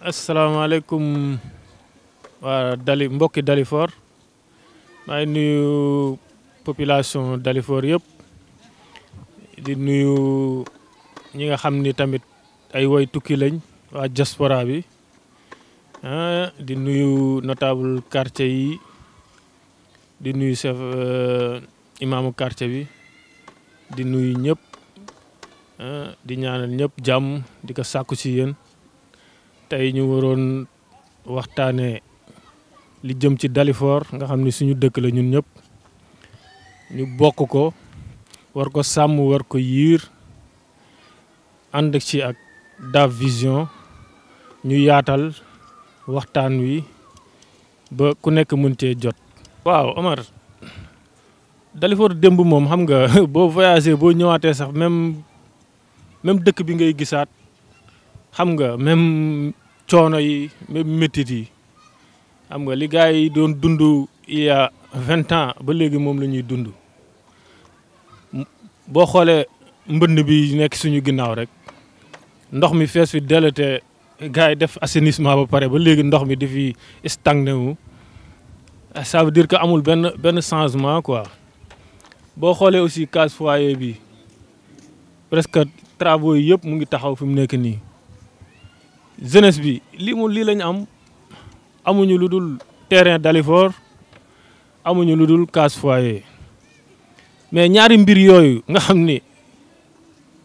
Assalamualaikum, wa dali mbok dali for may nuyu population for yep di nuyu ñi nga xamni tamit ay way tukki lañ wa diaspora bi ah, di nuyu notable quartier yi di nuyu chef euh, imam quartier bi di nuyu ñëpp ah, di ñaanal ñep jam di ko sakku ci yeen tay ñu waroon waxtaanee li jëm ci dalifor nga xam ni suñu dëkk la ñun ñëpp ñu bokk ko war ko sàmm war ko yiir ànd ci ak Daf Vision ñu yaatal waxtaan wi ba ku nekk mën jot. waaw Omar dalifor démb moom xam nga boo voyagé boo ñëwaatee sax même même dëkk bi ngay gisaat. xam nga même coono yi même métit yi xam nga li gars yi doon dund il vingt ans ba léegi moom la ñuy dund boo xoolee mbënd bi nekk suñu ginnaaw rek ndox mi fees fi delete gars yi def assainissement ba pare ba léegi ndox mi dafi stagné wu ça veut dire que amul benn benn changement quoi boo xoolee aussi case foyer bi presque travaux yi yëpp mu ngi taxaw fi mu nekk nii jeunesse bi lii mu lii lañu am amuñu lu dul terrain Dalifort amuñu lu dul case foyer mais ñaari mbir yooyu nga xam ni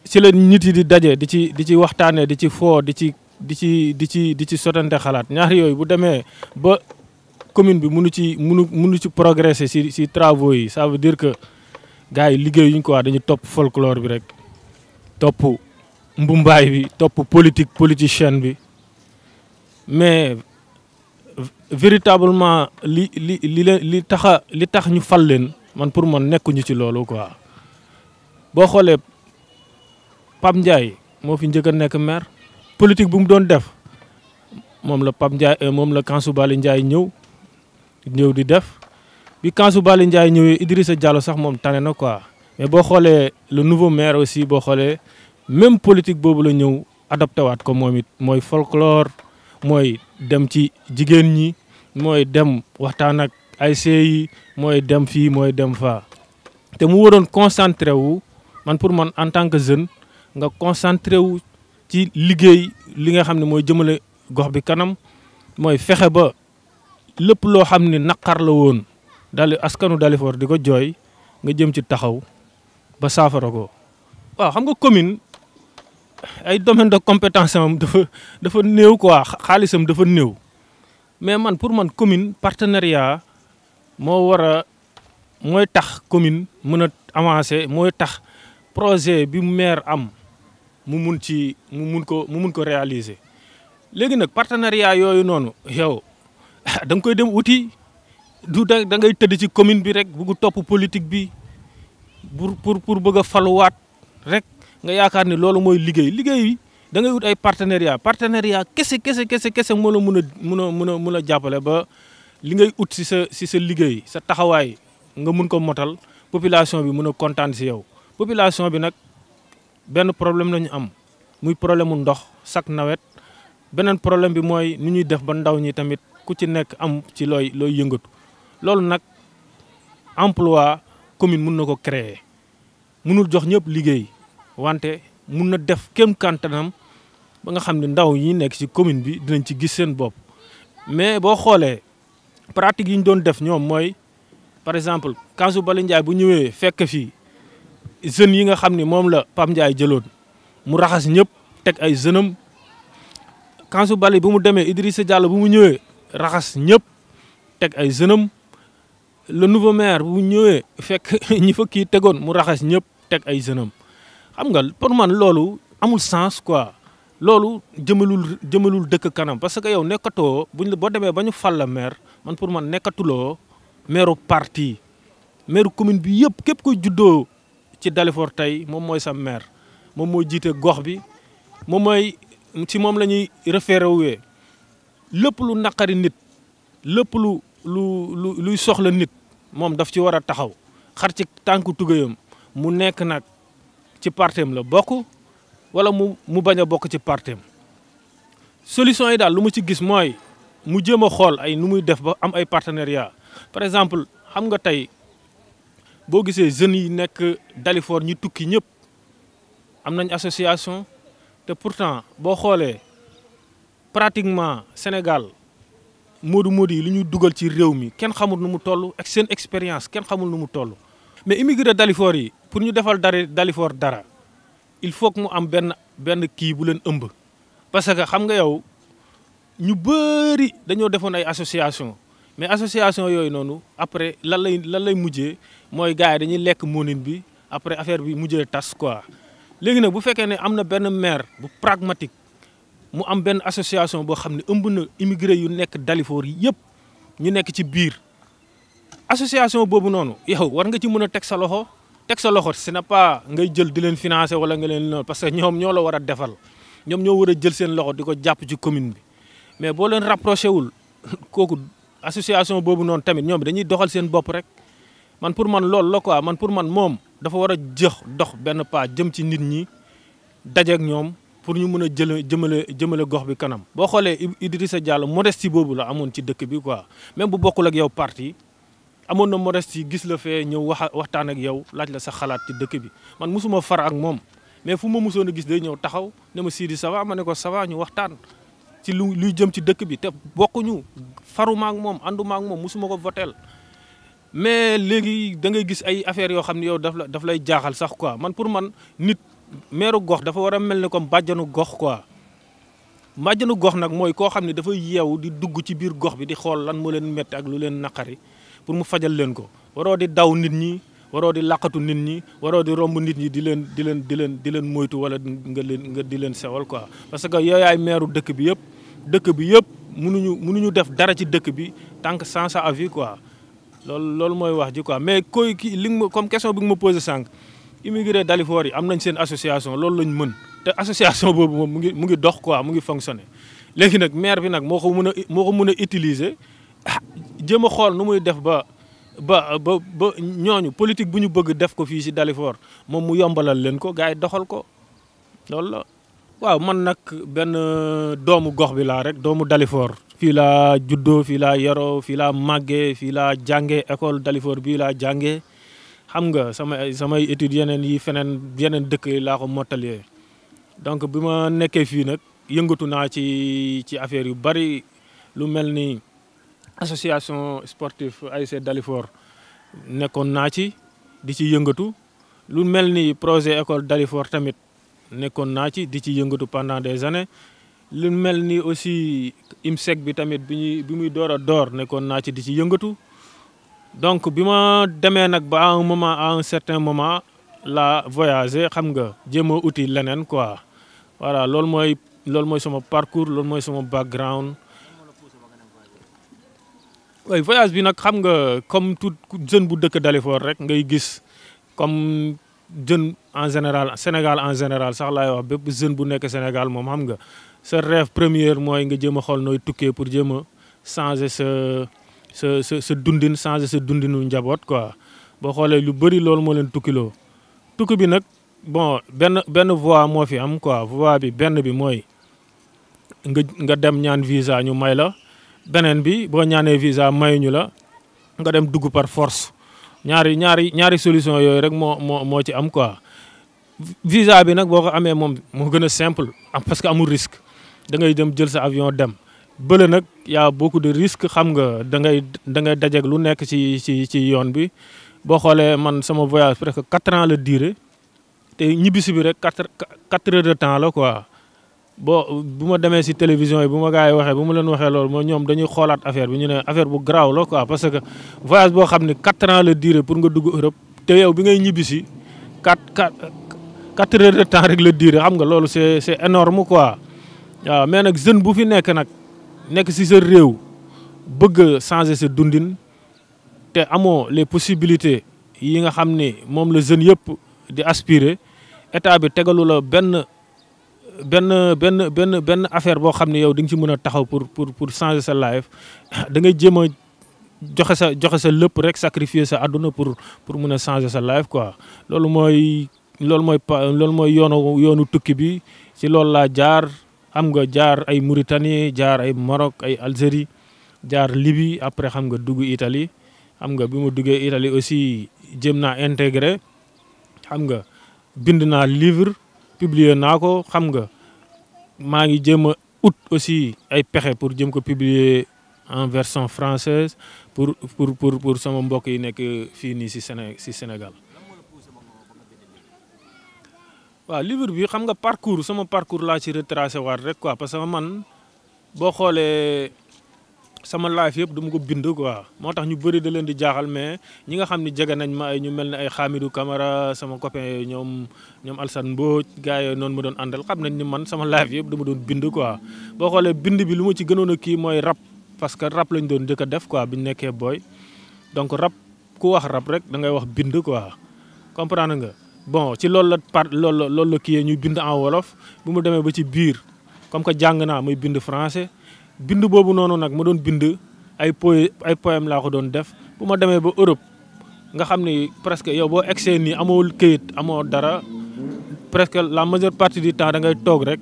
ci la nit di daje di ci di ci waxtaanee di ci foo di ci di ci di ci di ci sotante xalaat ñaari yooyu bu demee ba commune bi mënu ci mënu mënu ci progresser ci si travaux yi ça veut dire que gars yi liggéeyuñ quoi dañu topp folklore bi rek topp mbumbaay bi topp politique politicienne bi mais véritablement li li li leen li tax a li tax ñu fal leen man pour man nekkuñu ci loolu quoi boo xoolee Pape Ndiaye moo fi njëkk a nekk maire politique bu mu doon def moom la Pape Ndiaye euh, moom la Kansou Bali Ndiaye ñëw ñëw di def bi Kansou Bali Ndiaye ñëwee Idrissa Diallo sax moom tane na quoi mais boo xoolee le nouveau maire aussi boo xoolee même politique boobu la ñëw adopté waat ko moom it folklore mooy dem ci jigéen ñi mooy dem waxtaan ak ay yi mooy dem fii mooy dem faa te mu waroon concentré wu man pour man en tant que jeune nga concentré wu ci liggéey li nga xam ne mooy jëmale gox bi kanam mooy fexe ba lépp loo xam ne naqar la woon dali askanu Dalifort di ko jooy nga jëm ci taxaw ba saafara ko waaw xam nga commune ay domaine de compétence am dafa dafa néew quoi xaalisam dafa néew mais man pour man commune partenariat moo war a mooy tax commune mën a avancer mooy tax projet bi maire am mu mun ci mu mun ko mu mun ko réaliser léegi nag partenariat yooyu noonu yow da nga koy dem wuti du da da ngay tëdd ci commune bi rek bugg topp politique bi pour pour pour bëgg a faluwaat rek nga yaakaar ni loolu mooy liggéey liggéey wi da ngay wut ay partenariat partenariat kese kese kese kese moo la mun a mun a mun a ba li ngay ut si sa si sa liggéey sa taxawaay nga mun ko motal population bi mun a kontaan si yow population bi nag benn problème la am muy problème mu ndox sak nawet beneen problème bi mooy nuni ñuy def ba ndaw ñi tamit ku ci nekk am ci looy looy yëngatu loolu nag emploi commune mun na ko créer munul jox ñëpp liggéey wante mun na def kem kàntanam ba nga xam ne ndaw yi nekk ci commune bi dinañ ci gis seen bopp mais boo xoolee pratique yi ñu doon def ñoom mooy par exemple Kanzu Bali Ndiaye bu ñëwee fekk fii jeunes yi nga xam ni moom la Pam Ndiaye jëloon mu raxas ñëpp teg ay jeunes am Kanzu Bali bu mu demee Idrissa Diallo bu mu ñëwee raxas ñëpp teg ay jeunes am le nouveau maire ñëwee fekk ñi fa kii tegoon mu raxas ñëpp teg ay jeunes am xam nga pour man loolu amul sens quoi loolu jëmelul jëmelul dëkk kanam parce que yow nekkatoo buñ la boo demee ba ñu fal la maire man pour man nekkatuloo maireu parti maire commune bi yëpp képp koy juddoo ci dalifor tey moom mooy sa maire moom mooy jiite gox bi moom mooy ci moom la ñuy référé wuwee lépp lu naqari nit lépp lu lu lu luy soxla nit moom daf ci war taxaw xar ci tànku tugayam mu nekk nag ci partem la bokk wala mu mu baña bokk ci partem solution yi dal lu mu ci gis moy mu jema a ay numuy def ba am ay partenariat par exemple xam nga tay bo gisé jeune yi nek dalifor ñu tukki ñep am nañ association te pourtant bo xolé pratiquement Sénégal modou moodu yi li ñu dugal ci réew mi kenn xamul nu mu tollu ak seen expérience xamul nu mu tollu mais immigré de pour nous faire il faut que nous am ben qui choses parce que xam nga nous ñu d'ailleurs association mais association après lan lay lan lay mujjé après affaire bi mujjé tas quoi bu maire bu pragmatique mu am ben association bo xamné na immigré yu nek Dalifort yépp ñu ci association bobu nonu yow war nga ci mëna tek sa loxo tek sa loxo ce n'est pas ngay jël di len financer wala nga non parce que ñom ñolo wara defal ñom ño wara jël sen loxo di ko ci commune bi mais bo len rapprocher wul koku association bobu non tamit ñom dañuy doxal sen bop rek man pour man lool la quoi man pour man mom dafa wara a dox ben pa jëm ci nit ñi ak ñom pour ñu mëna jël jëmele jëmele gox bi kanam bo xolé Idrissa Diallo modestie bobu la amone ci dëkk bi quoi même bu bokul ak yow parti amoon na modestie gis la fee ñëw wax waxtaan ak yow laaj la sax xalaat ci dëkk bi man mosuma far ak moom mais fu ma mosoon a gis day ñëw taxaw ne ma Sidi ça va ma ne ko ça ñu waxtaan ci lu luy jëm ci dëkk bi te bokkuñu faruma moom ànduma ak moom mosuma ko voteel mais léegi da ngay gis ay affaires yoo xam ne yow daf la daf lay jaaxal sax quoi man pour man nit meeru gox dafa war a mel ne comme bàjjanu gox quoi bàjjanu gox nag mooy koo xam ne dafa yeewu di dugg ci biir gox bi di xool lan moo leen métti ak lu leen naqari pour mu fajal leen ko waroo di daw nit ñi waroo di làqatu nit ñi waroo di romb nit ñi di leen di leen di leen di leen moytu wala nga leen nga di leen sewal quoi parce que yooyaay meeru dëkk bi yëpp dëkk bi yëpp munuñu munuñu def dara ci dëkk bi tant que sans sa avis quoi loolu loolu mooy wax ji quoi mais koy ki li nga ma comme question bi nga ma posé sànq immigré Dalifort yi am nañ seen association loolu lañ mën te association boobu moom mu ngi mu ngi dox quoi mu ngi fonctionné léegi nag maire bi nag moo ko mën a moo ko mën a utiliser jéem a xool nu muy def ba ba ba ba ñooñu politique bu ñu bëgg def ko fii si Dalifort moom mu yombalal leen ko gars yi doxal ko loolu waaw man nag benn doomu gox bi laa rek doomu Dalifort fii laa juddoo fii laa yoro fii laa màggee fii laa jàngee école Dalifort bii laa jàngee xam nga sama samay études yeneen yi feneen yeneen dëkk laa ko mottalee donc bi ma nekkee fii nag yëngatu naa ci ci affaire yu bari lu mel nii association sportive AIC Dalifort nekkoon naa ci di ci yëngatu lu mel ni projet école Dalifort tamit nekkoon naa ci di ci yëngatu pendant des années lu mel ni aussi IMSEC bi tamit bi ñuy bi muy door a door nekkoon ci di ci yëngatu donc bi ma demee ba à un moment à un certain moment la voyager xam nga jéem outil uti leneen quoi voilà loolu mooy loolu mooy sama parcours loolu mooy sama background waaye voyage bi nag xam nga comme tout jeune bu dëkk Dalifort rek ngay gis comme jeune en général Sénégal en général sax laay wax bépp jeune bu nekk Sénégal moom xam nga sa rêve première mooy nga jéem a xool nooy tukkee pour jéem a changer sa sa sa sa dundin changer sa dundinu njaboot quoi boo xoolee lu bëri loolu moo leen tukkiloo tukki bi nag bon benn benn voie moo fi am quoi voie bi benn bi mooy nga nga dem ñaan visa ñu may la. benen bi bo ñaanee visa mayuñu la nga dem dugg par force ñaari ñaari ñaari solution yoy rek mo mo mo ci am quoi visa bi nak boko amé mom mo gëna gën a simple ah, parce que amul risque da ngay dem jël sa avion dem bële nak ya beaucoup de risque xam nga da ngay da ngay dajeeg lu nekk ci ci ci yoon bi bo xolé man sama voyage presque 4 ans le durée té ñibisu bi rek 4 4 heures de temps la quoi boo bu ma demee si télévision yi bu ma gars yi waxee bu ma leen waxee loolu moo ñoom dañuy xoolaat affaire bi ñu ne affaire bu garaaw la quoi parce que voyage boo xam ne quatre ans la durée pour nga dugg Europe te yow bi ngay ñibbi si quatre quatre quatre heures de temps rek la durée xam nga loolu c'est c'est énorme quoi waaw mais nag jeune bu fi nekk nag nekk si sa réew bëgg changer sa dundin te amoo les possibilités yi nga xam ne moom la jeune yëpp di aspirer état bi tegalu la benn benn benn benn benn affaire boo xam ne yow di nga ci mën a taxaw pour pour pour changer sa da ngay jéem a joxe sa joxe sa lépp rek sacrifier sa adduna pour pour mun a changer sa life quoi loolu mooy loolu mooy loolu mooy yoonu yoonu tukki bi si loolu laa jaar xam nga jaar ay Mauritanie jaar ay Maroc ay Algérie jaar libi après xam nga dugg Italie xam nga bi ma duggee Italie aussi jéem naa intégré xam nga bind naa livre. publier naa ko xam nga maa ngi jéem a ut aussi ay pexe pour jëm ko publier en version française pour pour pour pour sama mbokk yi nekk fii nii si Séné si Sénégal. waaw livre bi xam nga parcours sama parcours laa ci retracé waat rek quoi parce que man boo xoolee. sama laaf yëpp duma ko bind quoi moo tax ñu bëri da leen di jaaxal mais ñi nga xam ni jege nañ ma ay ñu mel ne ay Hamidou kamara sama copain yooyu ñoom alsan Alsane Mbodj gars yooyu noonu ma doon àndal xam nañ ni man sama life yëpp dama doon bind quoi. boo xoolee bind bi lu ma ci gënoon a kii mooy rab parce que rab lañ doon njëkk def quoi bi nekkee booy donc rab ku wax rab rek da ngay wax bind quoi comprendre nga. bon ci loolu la par loolu la loolu la kii ñu bind en wolof bu mu demee ba ci biir comme que jàng naa muy bind français. bind boobu noonu nag ma doon bind ay poé ay poème laa ko doon def bu ma demee ba Europe nga xam ni presque yow boo egsee nii amoo këyit amoo dara presque la majeure partie du temps da ngay toog rek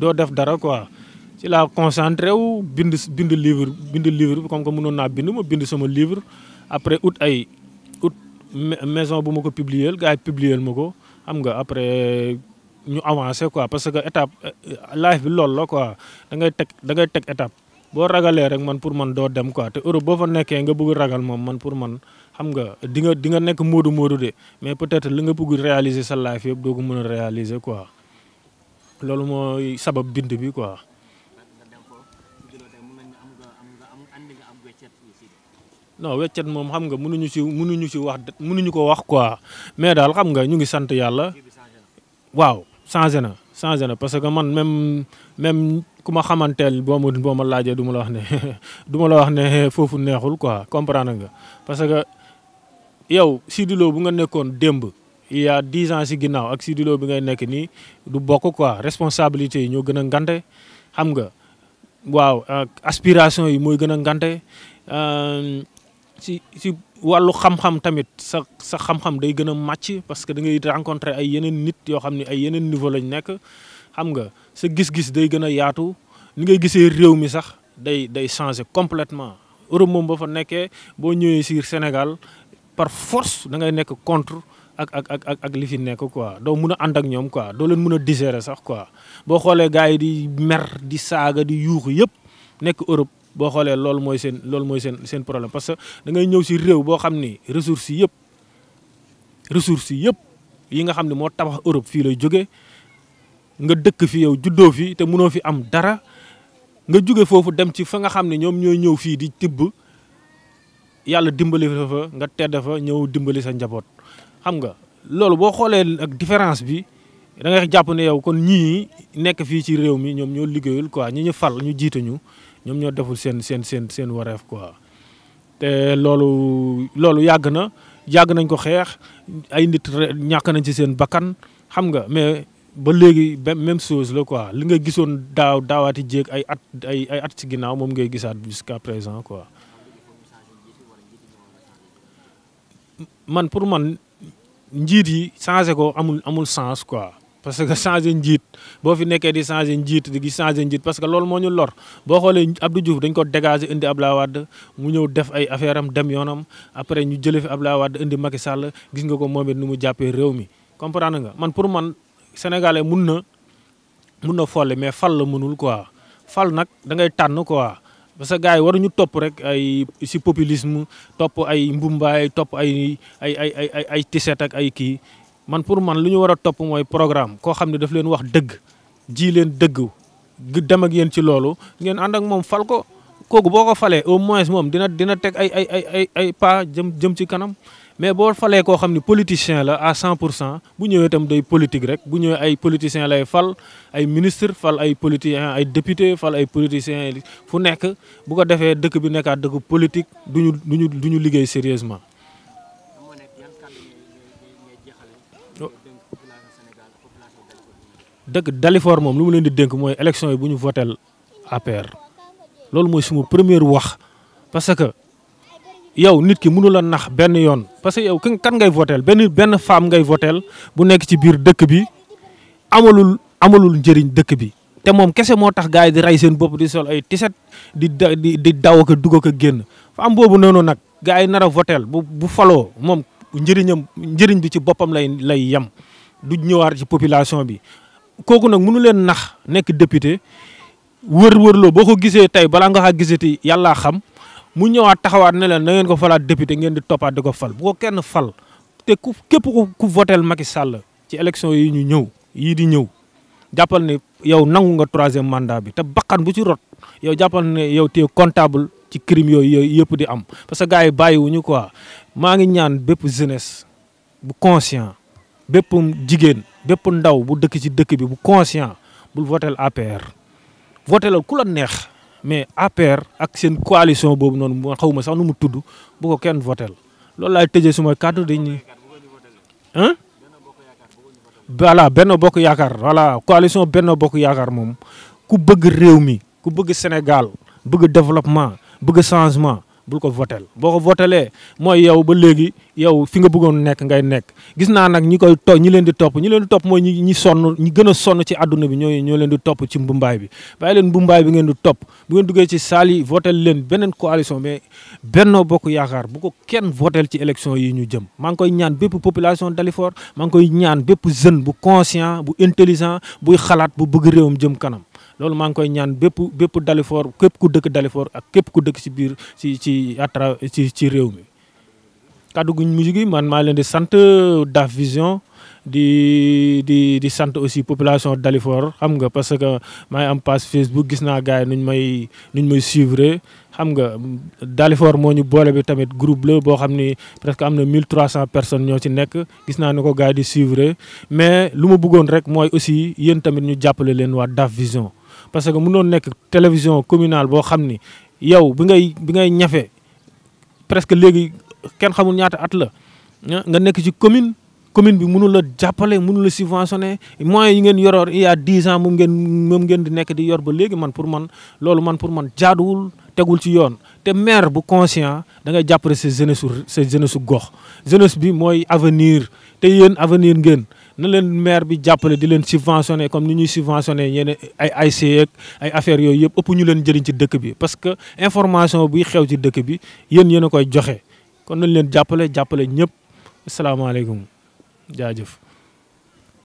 doo def dara quoi ci laa concentré wu bind bind livre bind livre bi comme que mënoon naa bind ma bind sama livre après out ay ut maison bu ma ko publier gaa yi publier ma ko xam nga après ñu avancer quoi parce que étape life bi lool la quoi da ngay tek da ngay tek étape bo ragalé rek man pour man do dem quoi te euro bo fa nekkee nga bëgg ragal mom man pour man xam nga di nga di nga modou modou de mais peut-être li nga bëgg réaliser sa life yëpp dogu mëna réaliser quoi loolu moy sabab bind bi quoi. non weccet hamga xam nga mënuñu si mënuñu si wax mënuñu ko wax quoi mais daal xam nga ñu ngi sante yala waaw changé na changé na parce que man même même ku ma xamanteel boo ma boo ma laajee duma la wax ne duma la wax ne foofu neexul quoi comprendre nga parce que yow Sidy Lo bu nga nekkoon démb il y a ans si ginnaaw ak Sidy Lo bi ngay nekk nii du bokk quoi responsabilité yi ñoo gën a ngante xam nga waaw aspiration yi mooy gën a ngante euh, si walu xam-xam tamit sa sa xam-xam day gëna match parce que da ngay rencontrer ay yeneen nit yo xamni ay yeneen niveau lañ nek xam nga sa gis-gis day gëna yaatu ni ngay gisee réew mi sax day day changer complètement euro mom ba fa nekké bo ñëwé ci Sénégal par force da ngay nek contre ak ak ak ak ak li fi nek quoi do mëna and ak ñom quoi do leen mëna digérer sax quoi bo xolé gaay di mer di saga di yuux yépp nek Europe bo xolé lol moy sen lol moy sen sen problème parce que da ngay ñew ci réew bo xamni ressources yi yëpp ressources yi yëpp yi nga xamni mo tabax Europe fi lay joggé nga dëkk fi yow juddoo fi te mënoo fi am dara nga jóge foofu dem ci fa nga xam ne ñoom ñooy ñëw fii di tibb yàlla dimbali fa nga tedd fa ñëw dimbali sa njaboot xam nga loolu boo xoolee ak différence bi da ngay jàpp ne yow kon ñii nekk fii ci réew mi ñoom ñoo liggéeyul quoi ñi ñu fal ñu jiite ñu ñoom ñoo deful seen seen seen seen wareef quoi te loolu loolu yàgg na yàgg nañ ko xeex ay nit ñàkk nañ si seen bakkan xam nga mais ba léegi même chose la quoi li nga gisoon daaw daawaati jéeg ay at ay at ci ginnaaw moom ngay gisaat jusqu'à présent koi man pour man njiit yi changé ko amul amul sens quoi parce que changer njit bo fi nekké di changer njit di changer njit parce que loolu moñu lor bo xolé Abdou Diouf dañ ko dégager indi abla wad mu ñew def ay affaire am dem yonam après ñu jëlee fi abla wad indi Macky Sall gis nga ko momit numu jappé réew mi comprendre nga man pour man sénégalais mun na mun na folle mais fal la mënul quoi fal nak da ngay tànn quoi parce que gaay waru ñu top rek ay ci populisme top ay mbumbay top ay ay ay ay ay ak ay ki man pour man lu ñu war a topp mooy programme koo xam ne daf leen wax dëgg jii leen dëgg dem ak yéen ci loolu ngeen ànd ak moom fal ko kooku boo ko falee au moins moom dina dina teg ay ay ay ay ay jëm jëm ci kanam mais boo falee koo xam ne politicien la à cent pour cent bu ñëwee itam day politique rek bu ñëwee ay politicien lay fal ay ministre fal ay politicien ay député fal ay politicien fu nekk bu ko defee dëkk bi nekkaat dëkk politique du ñu du ñu liggéey sérieusement dëgg Dalifort mom lu mu len di denk moy election yi buñu votel APR lolou moy suma premier wax parce que yow nit ki mënu la nax ben yon parce que yow kan ngay votel ben ben femme ngay votel bu nek ci bir dëkk bi amalul amalul njeriñ dëkk bi té mom kessé moo tax di ray seen bop di sol ay tisset di di di daw ko dugo ko genn fa am bobu nono nak gaay nara votel bu bu falo mom njeriñam njeriñ bi ci bopam lay lay yam du ñëwaat ci population bi kooku nag mënu leen nax nekk député wër wërloo boo ko gisee tey balaa nga xaa gisati yàllaa xam mu ñëwaat taxawaat ne leen na ngeen ko falaat député ngeen di toppaat di ko fal bu ko kenn fal te ku képp ku votel Macky Sall ci élection yi ñu ñëw yii di ñëw jàppal ne yow nangu nga troisième mandat bi te bakkan bu ci rot yow jàppal ne yow te comptable ci crime yooyu yooyu yëpp di am parce que gars yi bàyyiwuñu quoi maa ngi ñaan bépp jeunesse bu conscient bépp jigéen bépp ndaw bu dëkk ci bi bu conscient bul votel APR ku la neex mais APR ak seen coalition boobu noonu mo xawma sax nu tudd bu ko kenn coalition hein? benn Bokk Yaakaar ku bëgg Sénégal développement bëgg changement bul ko votel boo ko votelee mooy yow ba léegi yow fi nga bëggoon nekk ngay nekk gis naa nag ñi koy to ñi leen di topp ñi leen di topp mooy ñi ñi sonn ñi gën a sonn ci àdduna bi ñooy ñoo leen di topp ci mbumbaay bi bàyyi leen mbumbaay bi ngeen di topp bu ngeen duggee ci saali yi votel leen beneen coalition mais Benno Bokk Yaakaar bu ko kenn votel ci élection yi ñu jëm maa ngi koy ñaan bépp population Dalifort maa ngi koy ñaan bépp jeune bu conscient bu intelligent buy xalaat bu bëgg réewam jëm kanam loolu mang koy ñaan bép bép dalifor képp ku dëkk dalifor ak képp ku dëkk ci biir ci ci à ci ci réew mi. kaddu gu musique yi man ma leen di sante Daf Vision di di di sante aussi population dalifor xam nga parce que may am page Facebook gis naa gars nuñ may nuñ may suivre xam nga dalifor moo ñu boole bi tamit groupe la boo xam ni presque am na 1300 personnes ñoo ci nekk gis naa ni ko gars di suivre mais lu ma bëggoon rek mooy aussi yéen tamit ñu jàppale leen waa Daf Vision. parce que mun mënoon nekk télévision communal boo xam ni yow bi ngay bi ngay ñafe presque léegi kenn xamul ñaata at la ah, nga nekk ci commune commune bi mënu la jàppale mënu la subventionné moyens yi ngeen yoroon il y a dix ans moom ngeen moom ngeen di nekk di yor ba léegi man pour man loolu man pour man jaaduwul tegul ci yoon te maire bu conscient da ngay jàppale sa jeunesse sa jeunesse gox jeunesse bi mooy avenir te yéen avenir ngeen na leen maire bi jàppale di leen subventionné comme ni ñuy subventionné yeneen ay ay AIC ay affaires yooyu yëpp ëpp ñu leen jëriñ ci dëkk bi parce que information buy xew ci dëkk bi yéen yéen a koy joxe kon nañ leen jàppale jàppale ñëpp asalaamaaleykum jaajëf.